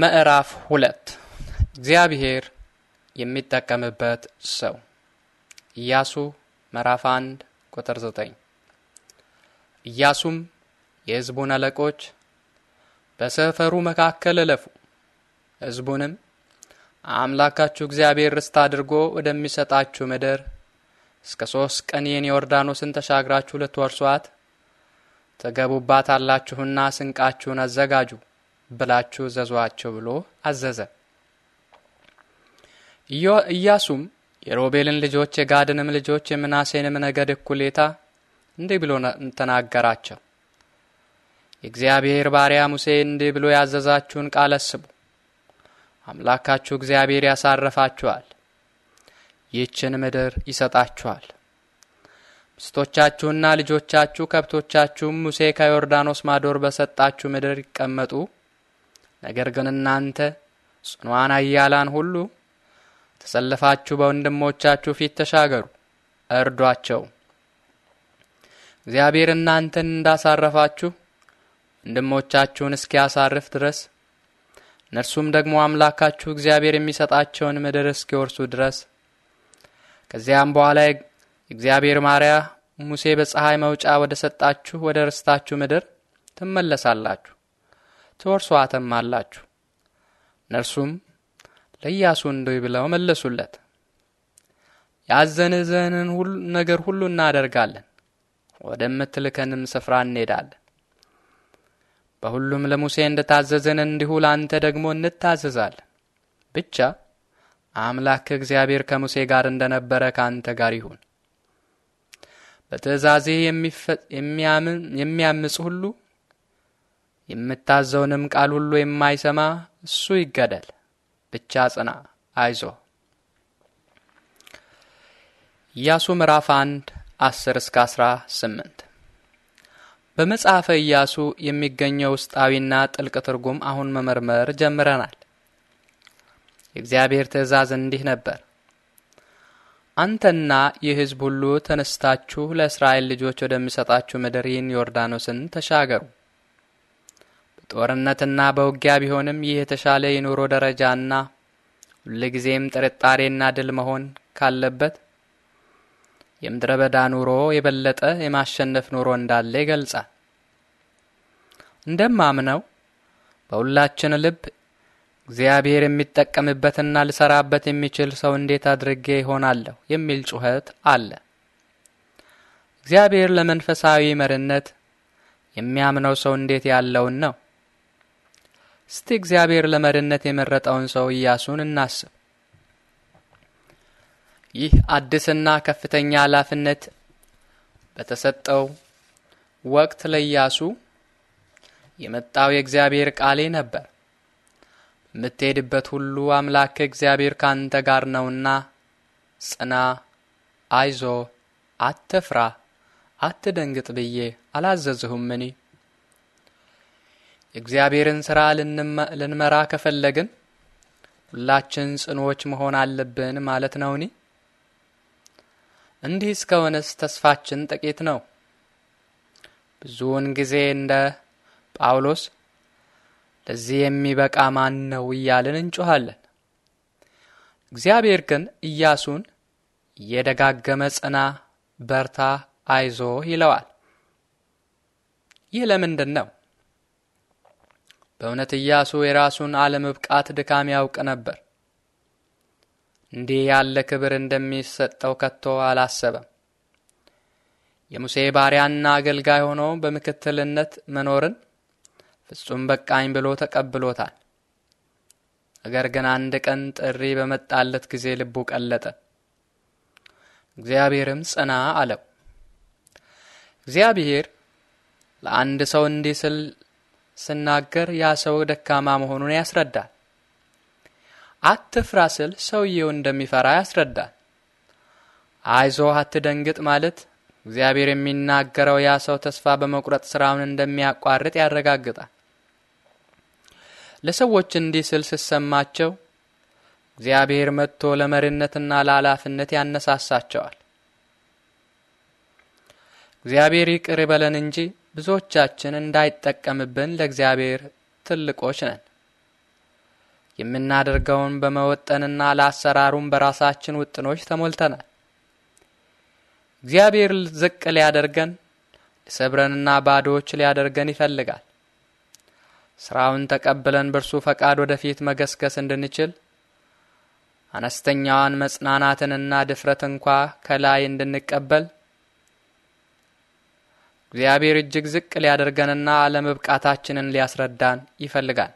ምዕራፍ ሁለት እግዚአብሔር የሚጠቀምበት ሰው ኢያሱ ምዕራፍ አንድ ቁጥር ዘጠኝ ኢያሱም የሕዝቡን አለቆች በሰፈሩ መካከል እለፉ፣ ሕዝቡንም አምላካችሁ እግዚአብሔር ርስት አድርጎ ወደሚሰጣችሁ ምድር እስከ ሦስት ቀን ይህን ዮርዳኖስን ተሻግራችሁ ልትወርሷት ትገቡባታላችሁና ስንቃችሁን አዘጋጁ ብላችሁ ዘዟቸው ብሎ አዘዘ። ኢያሱም የሮቤልን ልጆች የጋድንም ልጆች የምናሴንም ነገድ እኩሌታ እንዲህ ብሎ ተናገራቸው። የእግዚአብሔር ባሪያ ሙሴ እንዲህ ብሎ ያዘዛችሁን ቃል አስቡ። አምላካችሁ እግዚአብሔር ያሳረፋችኋል፣ ይህችን ምድር ይሰጣችኋል። ምስቶቻችሁና ልጆቻችሁ ከብቶቻችሁም ሙሴ ከዮርዳኖስ ማዶር በሰጣችሁ ምድር ይቀመጡ ነገር ግን እናንተ ጽኗን አያላን ሁሉ ተሰልፋችሁ በወንድሞቻችሁ ፊት ተሻገሩ፣ እርዷቸው። እግዚአብሔር እናንተን እንዳሳረፋችሁ ወንድሞቻችሁን እስኪያሳርፍ ድረስ እነርሱም ደግሞ አምላካችሁ እግዚአብሔር የሚሰጣቸውን ምድር እስኪወርሱ ድረስ ከዚያም በኋላ እግዚአብሔር ማርያ ሙሴ በፀሐይ መውጫ ወደ ሰጣችሁ ወደ ርስታችሁ ምድር ትመለሳላችሁ። ትወርሷትም አላችሁ። እነርሱም ለኢያሱ እንዲህ ብለው መለሱለት፣ ያዘንዘንን ነገር ሁሉ እናደርጋለን፣ ወደምትልከንም ስፍራ እንሄዳለን። በሁሉም ለሙሴ እንደታዘዝን እንዲሁ ለአንተ ደግሞ እንታዘዛለን። ብቻ አምላክ እግዚአብሔር ከሙሴ ጋር እንደነበረ ከአንተ ጋር ይሁን። በትእዛዜ የሚያምጽ ሁሉ የምታዘውንም ቃል ሁሉ የማይሰማ እሱ ይገደል። ብቻ ጽና፣ አይዞ። ኢያሱ ምዕራፍ 1 10 እስከ 18 በመጽሐፈ ኢያሱ የሚገኘው ውስጣዊና ጥልቅ ትርጉም አሁን መመርመር ጀምረናል። የእግዚአብሔር ትእዛዝ እንዲህ ነበር። አንተና ይህ ሕዝብ ሁሉ ተነስታችሁ ለእስራኤል ልጆች ወደሚሰጣችሁ ምድር ይህን ዮርዳኖስን ተሻገሩ ጦርነትና በውጊያ ቢሆንም ይህ የተሻለ የኑሮ ደረጃና ሁልጊዜም ጥርጣሬና ድል መሆን ካለበት የምድረ በዳ ኑሮ የበለጠ የማሸነፍ ኑሮ እንዳለ ይገልጻል። እንደማምነው በሁላችን ልብ እግዚአብሔር የሚጠቀምበትና ልሰራበት የሚችል ሰው እንዴት አድርጌ ይሆናለሁ የሚል ጩኸት አለ። እግዚአብሔር ለመንፈሳዊ መሪነት የሚያምነው ሰው እንዴት ያለውን ነው? እስቲ እግዚአብሔር ለመሪነት የመረጠውን ሰው ኢያሱን እናስብ። ይህ አዲስና ከፍተኛ ኃላፊነት በተሰጠው ወቅት ለኢያሱ የመጣው የእግዚአብሔር ቃሌ ነበር። የምትሄድበት ሁሉ አምላክ እግዚአብሔር ካንተ ጋር ነውና ጽና፣ አይዞ፣ አትፍራ፣ አትደንግጥ ብዬ አላዘዝሁም የእግዚአብሔርን ሥራ ልንመራ ከፈለግን ሁላችን ጽኖዎች መሆን አለብን ማለት ነውኒ? እንዲህ እስከሆነስ ተስፋችን ጥቂት ነው። ብዙውን ጊዜ እንደ ጳውሎስ ለዚህ የሚበቃ ማን ነው እያልን እንጮኋለን። እግዚአብሔር ግን ኢያሱን እየደጋገመ ጽና፣ በርታ፣ አይዞ ይለዋል። ይህ ለምንድን ነው? በእውነት ኢያሱ የራሱን አለመብቃት ድካም ያውቅ ነበር። እንዲህ ያለ ክብር እንደሚሰጠው ከቶ አላሰበም። የሙሴ ባሪያና አገልጋይ ሆኖ በምክትልነት መኖርን ፍጹም በቃኝ ብሎ ተቀብሎታል። ነገር ግን አንድ ቀን ጥሪ በመጣለት ጊዜ ልቡ ቀለጠ። እግዚአብሔርም ጽና አለው። እግዚአብሔር ለአንድ ሰው እንዲህ ስል ስናገር ያ ሰው ደካማ መሆኑን ያስረዳል። አትፍራ ስል ሰውየው እንደሚፈራ ያስረዳል። አይዞ አትደንግጥ ማለት እግዚአብሔር የሚናገረው ያ ሰው ተስፋ በመቁረጥ ስራውን እንደሚያቋርጥ ያረጋግጣል። ለሰዎች እንዲህ ስል ስሰማቸው እግዚአብሔር መጥቶ ለመሪነትና ለኃላፊነት ያነሳሳቸዋል። እግዚአብሔር ይቅር ይበለን እንጂ ብዙዎቻችን እንዳይጠቀምብን ለእግዚአብሔር ትልቆች ነን። የምናደርገውን በመወጠንና ለአሰራሩም በራሳችን ውጥኖች ተሞልተናል። እግዚአብሔር ዝቅ ሊያደርገን ሊሰብረንና ባዶዎች ሊያደርገን ይፈልጋል። ስራውን ተቀብለን በእርሱ ፈቃድ ወደፊት መገስገስ እንድንችል አነስተኛዋን መጽናናትንና ድፍረት እንኳ ከላይ እንድንቀበል እግዚአብሔር እጅግ ዝቅ ሊያደርገንና አለመብቃታችንን ሊያስረዳን ይፈልጋል።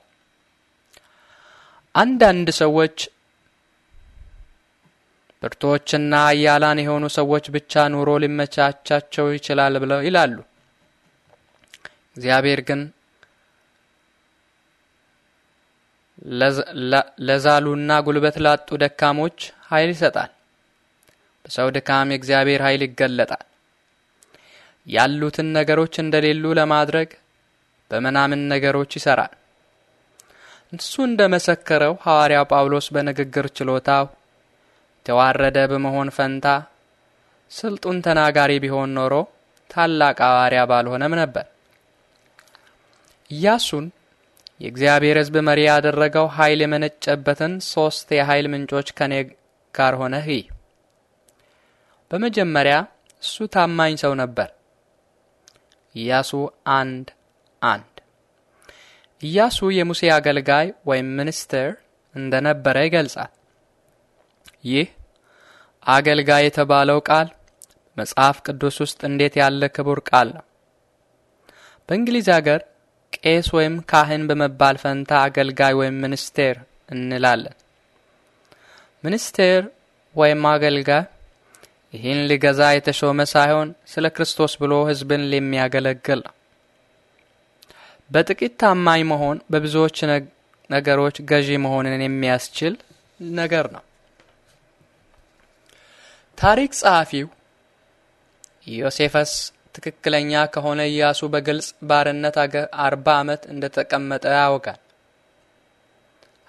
አንዳንድ ሰዎች ብርቶችና አያላን የሆኑ ሰዎች ብቻ ኑሮ ሊመቻቻቸው ይችላል ብለው ይላሉ። እግዚአብሔር ግን ለዛሉና ጉልበት ላጡ ደካሞች ኃይል ይሰጣል። በሰው ድካም የእግዚአብሔር ኃይል ይገለጣል። ያሉትን ነገሮች እንደሌሉ ለማድረግ በመናምን ነገሮች ይሰራል። እሱ እንደ መሰከረው ሐዋርያው ጳውሎስ በንግግር ችሎታው የተዋረደ በመሆን ፈንታ ስልጡን ተናጋሪ ቢሆን ኖሮ ታላቅ ሐዋርያ ባልሆነም ነበር። ኢያሱን የእግዚአብሔር ሕዝብ መሪ ያደረገው ኃይል የመነጨበትን ሦስት የኃይል ምንጮች ከኔ ጋር ሆነህ በመጀመሪያ እሱ ታማኝ ሰው ነበር። ኢያሱ አንድ አንድ ኢያሱ የሙሴ አገልጋይ ወይም ሚኒስትር እንደነበረ ይገልጻል። ይህ አገልጋይ የተባለው ቃል መጽሐፍ ቅዱስ ውስጥ እንዴት ያለ ክቡር ቃል ነው! በእንግሊዝ አገር ቄስ ወይም ካህን በመባል ፈንታ አገልጋይ ወይም ሚኒስቴር እንላለን። ሚኒስቴር ወይም አገልጋይ ይህን ሊገዛ የተሾመ ሳይሆን ስለ ክርስቶስ ብሎ ሕዝብን የሚያገለግል ነው። በጥቂት ታማኝ መሆን በብዙዎች ነገሮች ገዢ መሆንን የሚያስችል ነገር ነው። ታሪክ ጸሐፊው ዮሴፈስ ትክክለኛ ከሆነ ኢያሱ በግልጽ ባርነት አርባ ዓመት እንደተቀመጠ ያወጋል።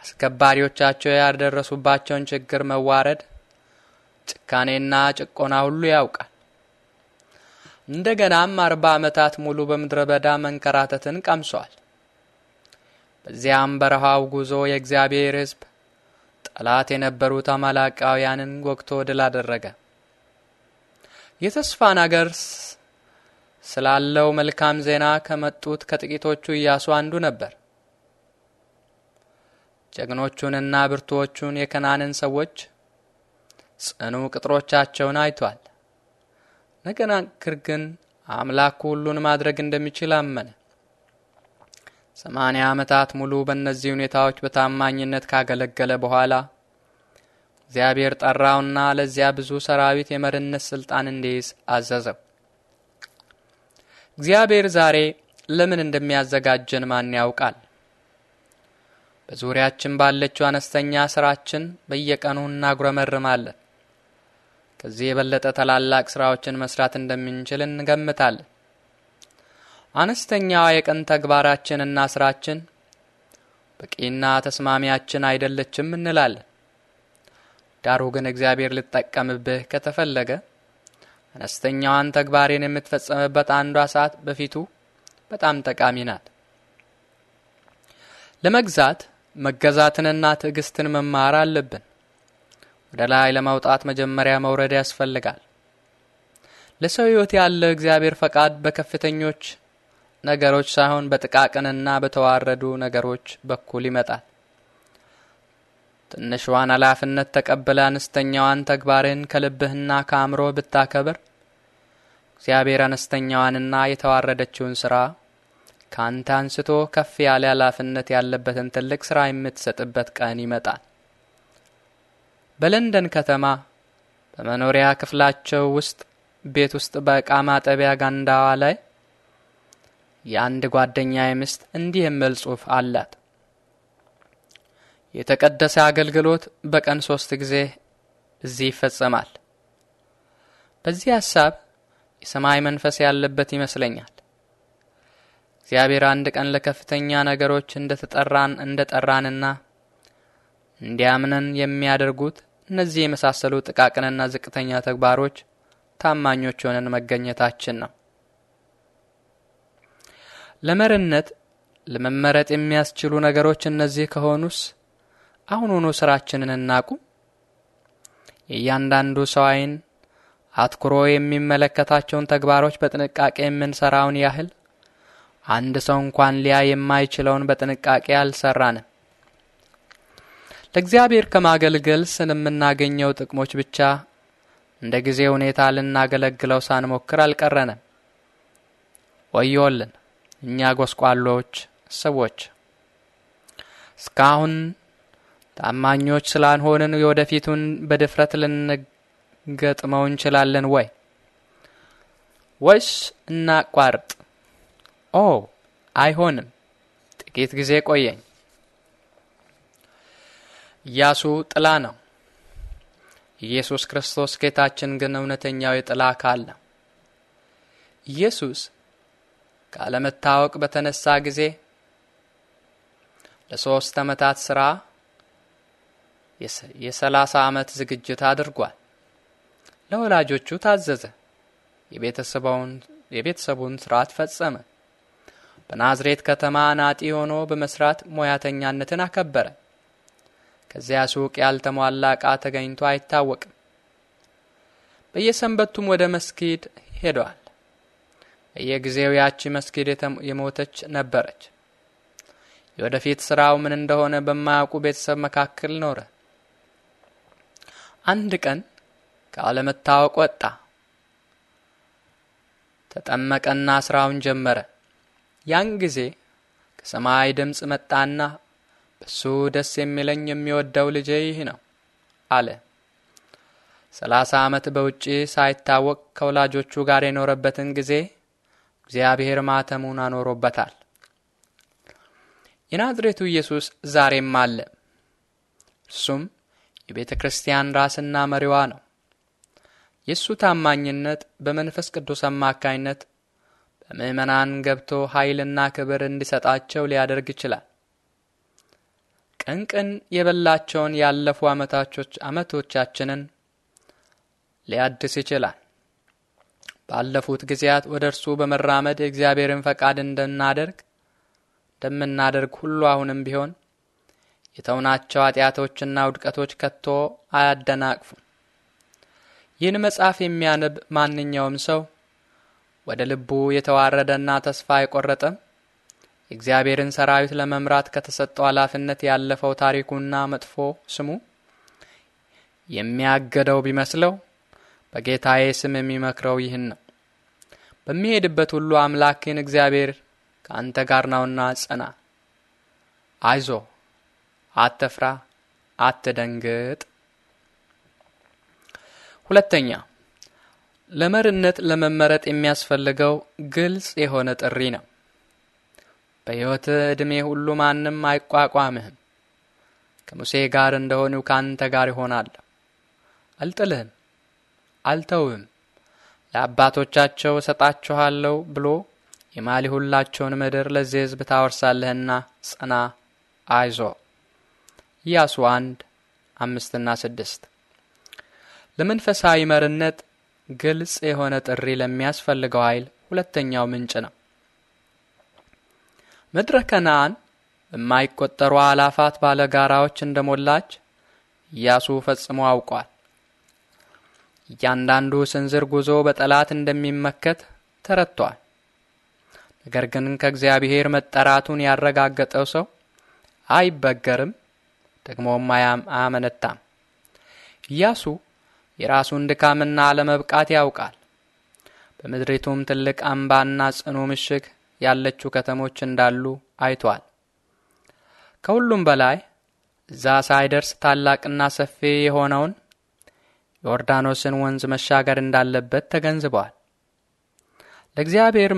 አስከባሪዎቻቸው ያደረሱባቸውን ችግር መዋረድ ጭካኔና ጭቆና ሁሉ ያውቃል። እንደገናም አርባ ዓመታት ሙሉ በምድረ በዳ መንከራተትን ቀምሷል። በዚያም በረሃው ጉዞ የእግዚአብሔር ሕዝብ ጠላት የነበሩት አማላቃውያንን ወግቶ ድል አደረገ። የተስፋን አገር ስላለው መልካም ዜና ከመጡት ከጥቂቶቹ ኢያሱ አንዱ ነበር። ጀግኖቹንና ብርቱዎቹን የከናንን ሰዎች ጽኑ ቅጥሮቻቸውን አይቷል። ነገናክር ግን አምላኩ ሁሉን ማድረግ እንደሚችል አመነ። ሰማንያ ዓመታት ሙሉ በእነዚህ ሁኔታዎች በታማኝነት ካገለገለ በኋላ እግዚአብሔር ጠራውና ለዚያ ብዙ ሰራዊት የመሪነት ስልጣን እንዲይዝ አዘዘው። እግዚአብሔር ዛሬ ለምን እንደሚያዘጋጀን ማን ያውቃል? በዙሪያችን ባለችው አነስተኛ ስራችን በየቀኑ እናጉረመርማለን። ከዚህ የበለጠ ታላላቅ ስራዎችን መስራት እንደምንችል እንገምታለን። አነስተኛዋ የቀን ተግባራችንና ስራችን በቂና ተስማሚያችን አይደለችም እንላለን። ዳሩ ግን እግዚአብሔር ልጠቀምብህ ከተፈለገ አነስተኛዋን ተግባሬን የምትፈጸምበት አንዷ ሰዓት በፊቱ በጣም ጠቃሚ ናት። ለመግዛት መገዛትንና ትዕግስትን መማር አለብን። ወደ ላይ ለማውጣት መጀመሪያ መውረድ ያስፈልጋል። ለሰው ሕይወት ያለው እግዚአብሔር ፈቃድ በከፍተኞች ነገሮች ሳይሆን በጥቃቅንና በተዋረዱ ነገሮች በኩል ይመጣል። ትንሿን ኃላፊነት ተቀብለ አነስተኛዋን ተግባርን ከልብህና ከአእምሮ ብታከብር እግዚአብሔር አነስተኛዋንና የተዋረደችውን ስራ ከአንተ አንስቶ ከፍ ያለ ኃላፊነት ያለበትን ትልቅ ስራ የምትሰጥበት ቀን ይመጣል። በለንደን ከተማ በመኖሪያ ክፍላቸው ውስጥ ቤት ውስጥ በእቃ ማጠቢያ ጋንዳዋ ላይ የአንድ ጓደኛ ሚስት እንዲህ የሚል ጽሑፍ አላት። የተቀደሰ አገልግሎት በቀን ሶስት ጊዜ እዚህ ይፈጸማል። በዚህ ሐሳብ የሰማይ መንፈስ ያለበት ይመስለኛል። እግዚአብሔር አንድ ቀን ለከፍተኛ ነገሮች እንደ ጠራንና እንዲያምነን የሚያደርጉት እነዚህ የመሳሰሉ ጥቃቅንና ዝቅተኛ ተግባሮች ታማኞች ሆነን መገኘታችን ነው። ለመርነት ለመመረጥ የሚያስችሉ ነገሮች እነዚህ ከሆኑስ አሁኑኑ ስራችንን እናቁም። የእያንዳንዱ ሰው አይን አትኩሮ የሚመለከታቸውን ተግባሮች በጥንቃቄ የምንሰራውን ያህል አንድ ሰው እንኳን ሊያ የማይችለውን በጥንቃቄ አልሰራንም። ለእግዚአብሔር ከማገልገል ስንምናገኘው ጥቅሞች ብቻ እንደ ጊዜ ሁኔታ ልናገለግለው ሳንሞክር አልቀረንም። ወዮልን እኛ ጎስቋሎች ሰዎች እስካሁን ታማኞች ስላልሆንን የወደፊቱን በድፍረት ልንገጥመው እንችላለን ወይ? ወይስ እናቋርጥ? ኦ አይሆንም። ጥቂት ጊዜ ቆየኝ። ኢያሱ ጥላ ነው። ኢየሱስ ክርስቶስ ጌታችን ግን እውነተኛው የጥላ አካል ነው። ኢየሱስ ካለመታወቅ በተነሳ ጊዜ ለሶስት ዓመታት ሥራ የሰላሳ ዓመት ዝግጅት አድርጓል። ለወላጆቹ ታዘዘ። የቤተሰቡን ሥርዓት ፈጸመ። በናዝሬት ከተማ አናጢ ሆኖ በመስራት ሙያተኛነትን አከበረ። ከዚያ ሱቅ ያልተሟላ ዕቃ ተገኝቶ አይታወቅም። በየሰንበቱም ወደ መስጊድ ሄደዋል። በየጊዜው ያቺ መስጊድ የሞተች ነበረች። የወደፊት ስራው ምን እንደሆነ በማያውቁ ቤተሰብ መካከል ኖረ። አንድ ቀን ካለመታወቅ ወጣ፣ ተጠመቀና ስራውን ጀመረ። ያን ጊዜ ከሰማይ ድምፅ መጣና በሱ ደስ የሚለኝ የሚወደው ልጄ ይህ ነው አለ። ሰላሳ ዓመት በውጪ ሳይታወቅ ከወላጆቹ ጋር የኖረበትን ጊዜ እግዚአብሔር ማተሙን አኖሮበታል። የናዝሬቱ ኢየሱስ ዛሬም አለ። እርሱም የቤተ ክርስቲያን ራስና መሪዋ ነው። የእሱ ታማኝነት በመንፈስ ቅዱስ አማካኝነት በምዕመናን ገብቶ ኃይልና ክብር እንዲሰጣቸው ሊያደርግ ይችላል። ቀን ቀን የበላቸውን ያለፉ ዓመታቾች አመቶቻችንን ሊያድስ ይችላል። ባለፉት ጊዜያት ወደ እርሱ በመራመድ የእግዚአብሔርን ፈቃድ እንድናደርግ እንደምናደርግ ሁሉ አሁንም ቢሆን የተውናቸው ኃጢአቶችና ውድቀቶች ከቶ አያደናቅፉም። ይህን መጽሐፍ የሚያነብ ማንኛውም ሰው ወደ ልቡ የተዋረደና ተስፋ አይቆረጥም። የእግዚአብሔርን ሰራዊት ለመምራት ከተሰጠው ኃላፊነት ያለፈው ታሪኩና መጥፎ ስሙ የሚያገደው ቢመስለው በጌታዬ ስም የሚመክረው ይህን ነው። በሚሄድበት ሁሉ አምላክን እግዚአብሔር ከአንተ ጋር ነውና ጽና፣ አይዞ፣ አትፍራ፣ አትደንግጥ። ሁለተኛ ለመርነት ለመመረጥ የሚያስፈልገው ግልጽ የሆነ ጥሪ ነው። በሕይወትህ ዕድሜ ሁሉ ማንም አይቋቋምህም። ከሙሴ ጋር እንደሆኑ ካንተ ጋር ይሆናለሁ። አልጥልህም፣ አልተውህም። ለአባቶቻቸው እሰጣችኋለሁ ብሎ የማልሁላቸውን ምድር ለዚህ ሕዝብ ታወርሳለህና ጽና፣ አይዞ። ኢያሱ አንድ አምስትና ስድስት ለመንፈሳዊ መርነት ግልጽ የሆነ ጥሪ ለሚያስፈልገው ኃይል ሁለተኛው ምንጭ ነው። ምድረ ከነአን በማይቆጠሩ አላፋት እንደ እንደሞላች ኢያሱ ፈጽሞ አውቋል። እያንዳንዱ ስንዝር ጉዞ በጠላት እንደሚመከት ተረቷል። ነገር ግን ከእግዚአብሔር መጠራቱን ያረጋገጠው ሰው አይበገርም፣ ደግሞም አያመነታም። ኢያሱ የራሱን ድካምና አለመብቃት ያውቃል። በምድሪቱም ትልቅ አምባና ጽኑ ምሽግ ያለችው ከተሞች እንዳሉ አይቷል። ከሁሉም በላይ እዛ ሳይደርስ ታላቅና ሰፊ የሆነውን ዮርዳኖስን ወንዝ መሻገር እንዳለበት ተገንዝበዋል። ለእግዚአብሔር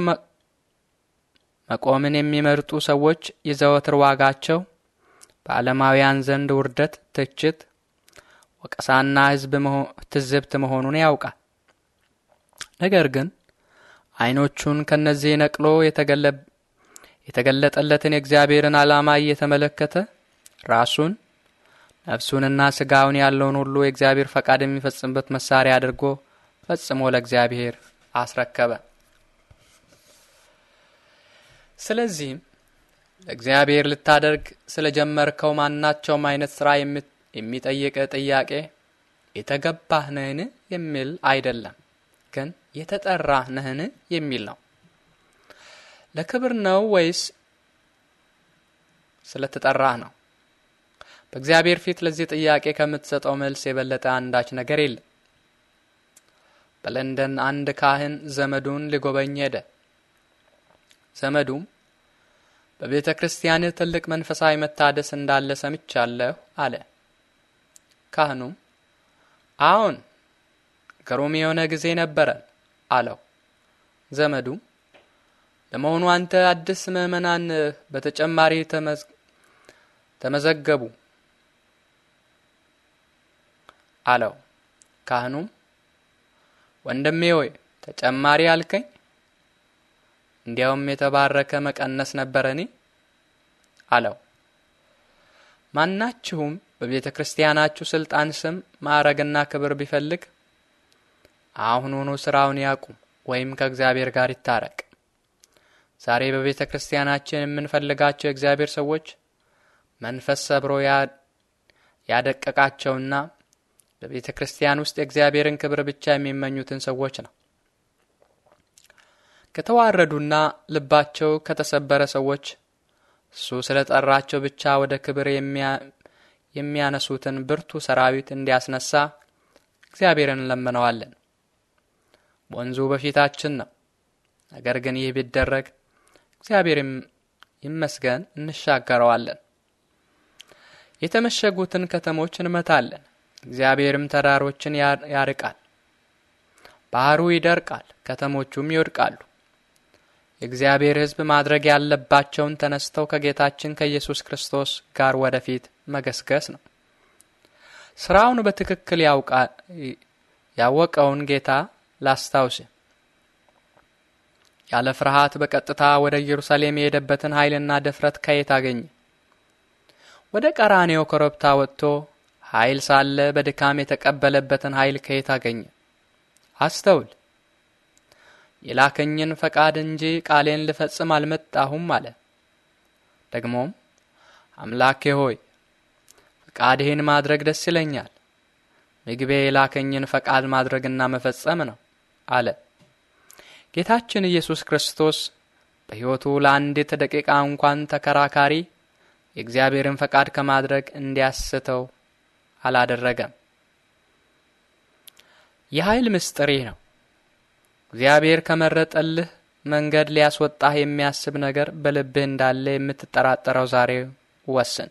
መቆምን የሚመርጡ ሰዎች የዘወትር ዋጋቸው በዓለማውያን ዘንድ ውርደት፣ ትችት፣ ወቀሳና ሕዝብ ትዝብት መሆኑን ያውቃል። ነገር ግን አይኖቹን ከነዚህ ነቅሎ የተገለጠለትን የእግዚአብሔርን ዓላማ እየተመለከተ ራሱን ነፍሱንና ስጋውን ያለውን ሁሉ የእግዚአብሔር ፈቃድ የሚፈጽምበት መሳሪያ አድርጎ ፈጽሞ ለእግዚአብሔር አስረከበ። ስለዚህም ለእግዚአብሔር ልታደርግ ስለጀመርከው ማናቸውም አይነት ስራ የሚጠይቀ ጥያቄ የተገባህ ነህን የሚል አይደለም። ግን የተጠራ ነህን የሚል ነው። ለክብር ነው ወይስ ስለተጠራህ ነው? በእግዚአብሔር ፊት ለዚህ ጥያቄ ከምትሰጠው መልስ የበለጠ አንዳች ነገር የለም። በለንደን አንድ ካህን ዘመዱን ሊጎበኝ ሄደ። ዘመዱም በቤተ ክርስቲያን ትልቅ መንፈሳዊ መታደስ እንዳለ ሰምቻለሁ አለ። ካህኑም አሁን። ግሩም የሆነ ጊዜ ነበረን አለው። ዘመዱም ለመሆኑ አንተ አዲስ ምእመናን በተጨማሪ ተመዘገቡ አለው። ካህኑም ወንድሜ ሆይ ተጨማሪ አልከኝ? እንዲያውም የተባረከ መቀነስ ነበረኔ አለው። ማናችሁም በቤተ ክርስቲያናችሁ ስልጣን ስም ማዕረግና ክብር ቢፈልግ አሁኑኑ ስራውን ያቁም ወይም ከእግዚአብሔር ጋር ይታረቅ። ዛሬ በቤተ ክርስቲያናችን የምንፈልጋቸው የእግዚአብሔር ሰዎች መንፈስ ሰብሮ ያደቀቃቸውና በቤተ ክርስቲያን ውስጥ የእግዚአብሔርን ክብር ብቻ የሚመኙትን ሰዎች ነው። ከተዋረዱና ልባቸው ከተሰበረ ሰዎች እሱ ስለ ጠራቸው ብቻ ወደ ክብር የሚያነሱትን ብርቱ ሰራዊት እንዲያስነሳ እግዚአብሔርን እንለምነዋለን። ወንዙ በፊታችን ነው። ነገር ግን ይህ ቢደረግ እግዚአብሔር ይመስገን እንሻገረዋለን። የተመሸጉትን ከተሞች እንመታለን፣ እግዚአብሔርም ተራሮችን ያርቃል። ባህሩ ይደርቃል፣ ከተሞቹም ይወድቃሉ። የእግዚአብሔር ሕዝብ ማድረግ ያለባቸውን ተነስተው ከጌታችን ከኢየሱስ ክርስቶስ ጋር ወደፊት መገስገስ ነው። ስራውን በትክክል ያወቀውን ጌታ ላስታውስ። ያለ ፍርሃት በቀጥታ ወደ ኢየሩሳሌም የሄደበትን ኃይልና ድፍረት ከየት አገኘ? ወደ ቀራኔው ኮረብታ ወጥቶ ኃይል ሳለ በድካም የተቀበለበትን ኃይል ከየት አገኘ? አስተውል። የላከኝን ፈቃድ እንጂ ቃሌን ልፈጽም አልመጣሁም አለ። ደግሞም አምላኬ ሆይ ፈቃድህን ማድረግ ደስ ይለኛል። ምግቤ የላከኝን ፈቃድ ማድረግና መፈጸም ነው። አለ። ጌታችን ኢየሱስ ክርስቶስ በሕይወቱ ለአንዲት ደቂቃ እንኳን ተከራካሪ የእግዚአብሔርን ፈቃድ ከማድረግ እንዲያስተው አላደረገም። የኃይል ምስጢር ነው። እግዚአብሔር ከመረጠልህ መንገድ ሊያስወጣህ የሚያስብ ነገር በልብህ እንዳለ የምትጠራጠረው ዛሬ ወስን።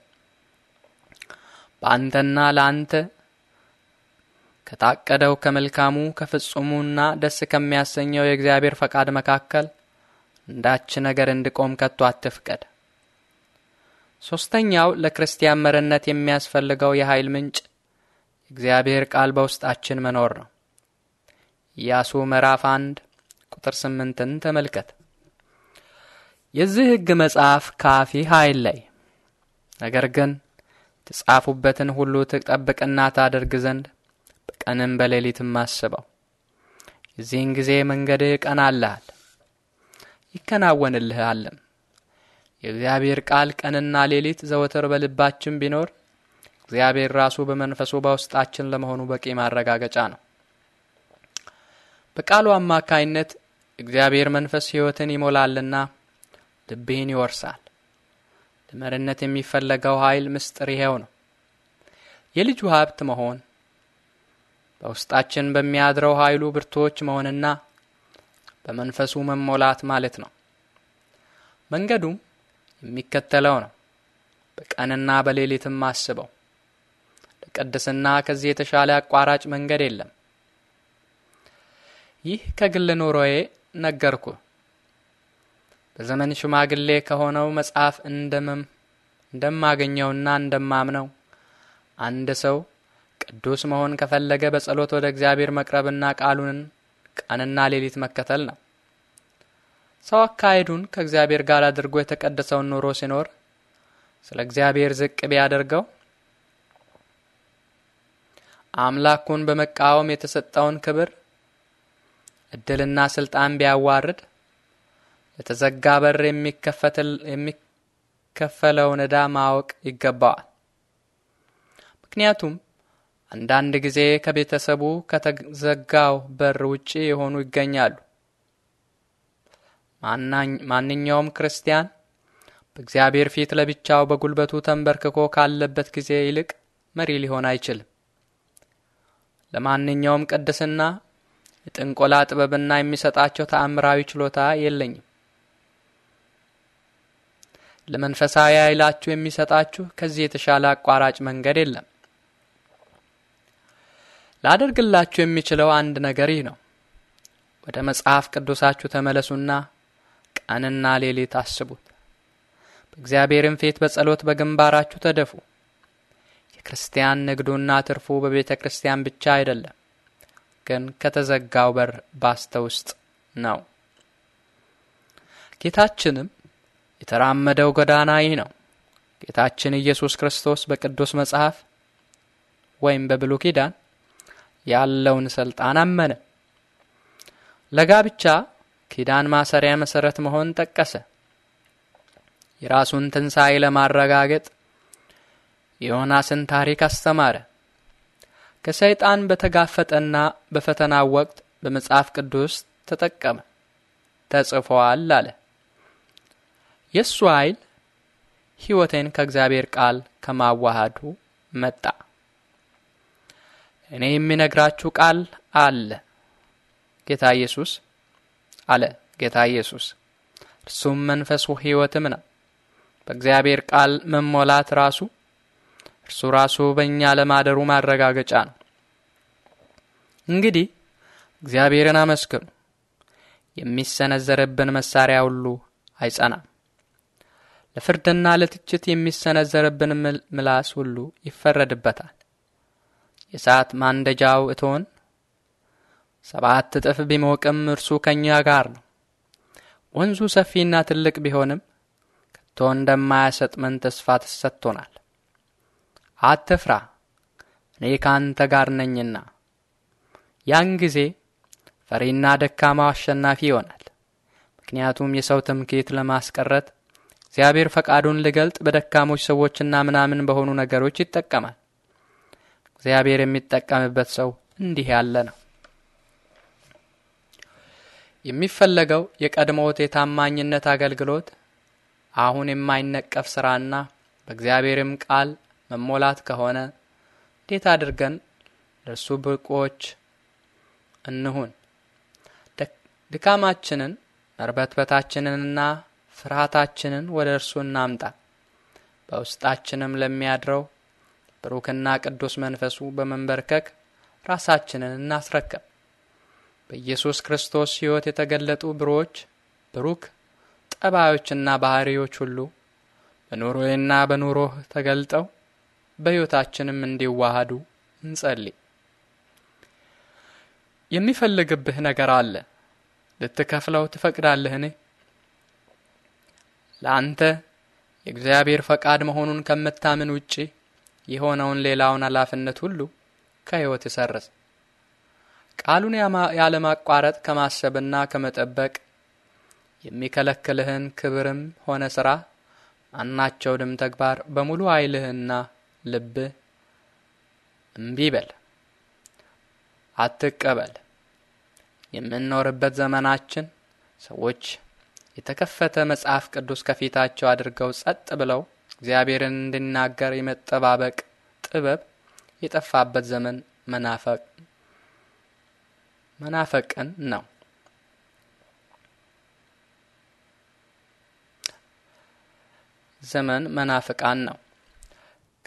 በአንተና ለአንተ ከታቀደው ከመልካሙ ከፍጹሙና ደስ ከሚያሰኘው የእግዚአብሔር ፈቃድ መካከል እንዳች ነገር እንዲቆም ከቶ አትፍቀድ። ሶስተኛው ለክርስቲያን መርነት የሚያስፈልገው የኃይል ምንጭ የእግዚአብሔር ቃል በውስጣችን መኖር ነው። ኢያሱ ምዕራፍ አንድ ቁጥር ስምንትን ተመልከት። የዚህ ሕግ መጽሐፍ ካፊ ኃይል ላይ ነገር ግን የተጻፉበትን ሁሉ ትጠብቅና ታደርግ ዘንድ ቀንም በሌሊትም አስበው። የዚህን ጊዜ መንገድህ ቀናልሃል ይከናወንልሃልም። የእግዚአብሔር ቃል ቀንና ሌሊት ዘወትር በልባችን ቢኖር እግዚአብሔር ራሱ በመንፈሱ በውስጣችን ለመሆኑ በቂ ማረጋገጫ ነው። በቃሉ አማካይነት እግዚአብሔር መንፈስ ሕይወትን ይሞላልና ልብህን ይወርሳል። ለመሪነት የሚፈለገው ኃይል ምስጢር ይኸው ነው። የልጁ ሀብት መሆን በውስጣችን በሚያድረው ኃይሉ ብርቶች መሆንና በመንፈሱ መሞላት ማለት ነው። መንገዱም የሚከተለው ነው። በቀንና በሌሊትም አስበው። ለቅድስና ከዚህ የተሻለ አቋራጭ መንገድ የለም። ይህ ከግል ኑሮዬ ነገርኩ። በዘመን ሽማግሌ ከሆነው መጽሐፍ እንደማገኘውና እንደማምነው አንድ ሰው ቅዱስ መሆን ከፈለገ በጸሎት ወደ እግዚአብሔር መቅረብና ቃሉን ቀንና ሌሊት መከተል ነው። ሰው አካሄዱን ከእግዚአብሔር ጋር አድርጎ የተቀደሰውን ኑሮ ሲኖር ስለ እግዚአብሔር ዝቅ ቢያደርገው አምላኩን በመቃወም የተሰጠውን ክብር እድልና ስልጣን ቢያዋርድ የተዘጋ በር የሚከፈለውን ዕዳ ማወቅ ይገባዋል። ምክንያቱም አንዳንድ ጊዜ ከቤተሰቡ ከተዘጋው በር ውጪ የሆኑ ይገኛሉ። ማንኛውም ክርስቲያን በእግዚአብሔር ፊት ለብቻው በጉልበቱ ተንበርክኮ ካለበት ጊዜ ይልቅ መሪ ሊሆን አይችልም። ለማንኛውም ቅድስና የጥንቆላ ጥበብና የሚሰጣቸው ተአምራዊ ችሎታ የለኝም። ለመንፈሳዊ ኃይላችሁ የሚሰጣችሁ ከዚህ የተሻለ አቋራጭ መንገድ የለም። ላደርግላችሁ የሚችለው አንድ ነገር ይህ ነው። ወደ መጽሐፍ ቅዱሳችሁ ተመለሱና ቀንና ሌሊት አስቡት። በእግዚአብሔርም ፊት በጸሎት በግንባራችሁ ተደፉ። የክርስቲያን ንግዱና ትርፉ በቤተ ክርስቲያን ብቻ አይደለም፣ ግን ከተዘጋው በር ባስተ ውስጥ ነው። ጌታችንም የተራመደው ጎዳና ይህ ነው። ጌታችን ኢየሱስ ክርስቶስ በቅዱስ መጽሐፍ ወይም በብሉይ ኪዳን ያለውን ስልጣን አመነ። ለጋብቻ ኪዳን ማሰሪያ መሰረት መሆን ጠቀሰ። የራሱን ትንሣኤ ለማረጋገጥ የዮናስን ታሪክ አስተማረ። ከሰይጣን በተጋፈጠና በፈተናው ወቅት በመጽሐፍ ቅዱስ ተጠቀመ። ተጽፏል አለ። የእሱ ኃይል ሕይወቴን ከእግዚአብሔር ቃል ከማዋሃዱ መጣ። እኔ የሚነግራችሁ ቃል አለ ጌታ ኢየሱስ አለ ጌታ ኢየሱስ እርሱም መንፈሱ ሕይወትም ነው። በእግዚአብሔር ቃል መሞላት ራሱ እርሱ ራሱ በእኛ ለማደሩ ማረጋገጫ ነው። እንግዲህ እግዚአብሔርን አመስግኑ፣ የሚሰነዘርብን መሳሪያ ሁሉ አይጸናም። ለፍርድና ለትችት የሚሰነዘርብን ምላስ ሁሉ ይፈረድበታል። የእሳት ማንደጃው እቶን ሰባት እጥፍ ቢሞቅም እርሱ ከእኛ ጋር ነው። ወንዙ ሰፊና ትልቅ ቢሆንም ከቶ እንደማያሰጥመን ተስፋ ተሰጥቶናል። አትፍራ እኔ ካንተ ጋር ነኝና። ያን ጊዜ ፈሪና ደካማው አሸናፊ ይሆናል። ምክንያቱም የሰው ትምክህት ለማስቀረት እግዚአብሔር ፈቃዱን ሊገልጥ በደካሞች ሰዎችና ምናምን በሆኑ ነገሮች ይጠቀማል። እግዚአብሔር የሚጠቀምበት ሰው እንዲህ ያለ ነው። የሚፈለገው የቀድሞት የታማኝነት አገልግሎት አሁን የማይነቀፍ ስራና በእግዚአብሔርም ቃል መሞላት ከሆነ እንዴት አድርገን ለእርሱ ብቁዎች እንሁን? ድካማችንን መርበትበታችንንና ፍርሃታችንን ወደ እርሱ እናምጣ። በውስጣችንም ለሚያድረው ብሩክና ቅዱስ መንፈሱ በመንበርከክ ራሳችንን እናስረከብ። በኢየሱስ ክርስቶስ ሕይወት የተገለጡ ብሮች ብሩክ ጠባዮችና ባህሪዎች ሁሉ በኑሮዬና በኑሮህ ተገልጠው በሕይወታችንም እንዲዋሃዱ እንጸልይ። የሚፈልግብህ ነገር አለ፣ ልትከፍለው ትፈቅዳለህን? ለአንተ የእግዚአብሔር ፈቃድ መሆኑን ከምታምን ውጪ የሆነውን ሌላውን ኃላፊነት ሁሉ ከሕይወት ሰረዘ። ቃሉን ያለማቋረጥ ከማሰብና ከመጠበቅ የሚከለክልህን ክብርም ሆነ ሥራ ድም ተግባር በሙሉ ኃይልህና ልብህ እምቢ በል፣ አትቀበል። የምንኖርበት ዘመናችን ሰዎች የተከፈተ መጽሐፍ ቅዱስ ከፊታቸው አድርገው ጸጥ ብለው እግዚአብሔርን እንድናገር የመጠባበቅ ጥበብ የጠፋበት ዘመን መናፈቅ መናፈቅን ነው። ዘመን መናፍቃን ነው።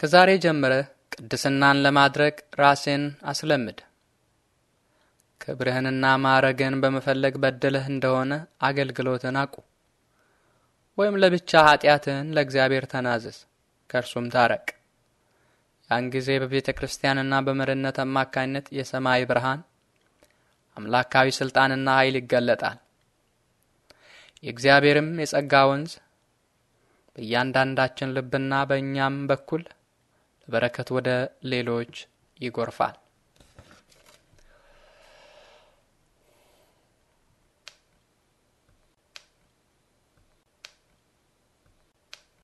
ከዛሬ ጀምረህ ቅድስናን ለማድረግ ራሴን አስለምድ። ክብርህንና ማዕረግህን በመፈለግ በደለህ እንደሆነ አገልግሎትን አቁም። ወይም ለብቻ ኃጢአትህን ለእግዚአብሔር ተናዘዝ፣ ከእርሱም ታረቅ። ያን ጊዜ በቤተ ክርስቲያንና በመርነት አማካኝነት የሰማይ ብርሃን አምላካዊ ሥልጣንና ኃይል ይገለጣል። የእግዚአብሔርም የጸጋ ወንዝ በእያንዳንዳችን ልብና በእኛም በኩል ለበረከት ወደ ሌሎች ይጎርፋል።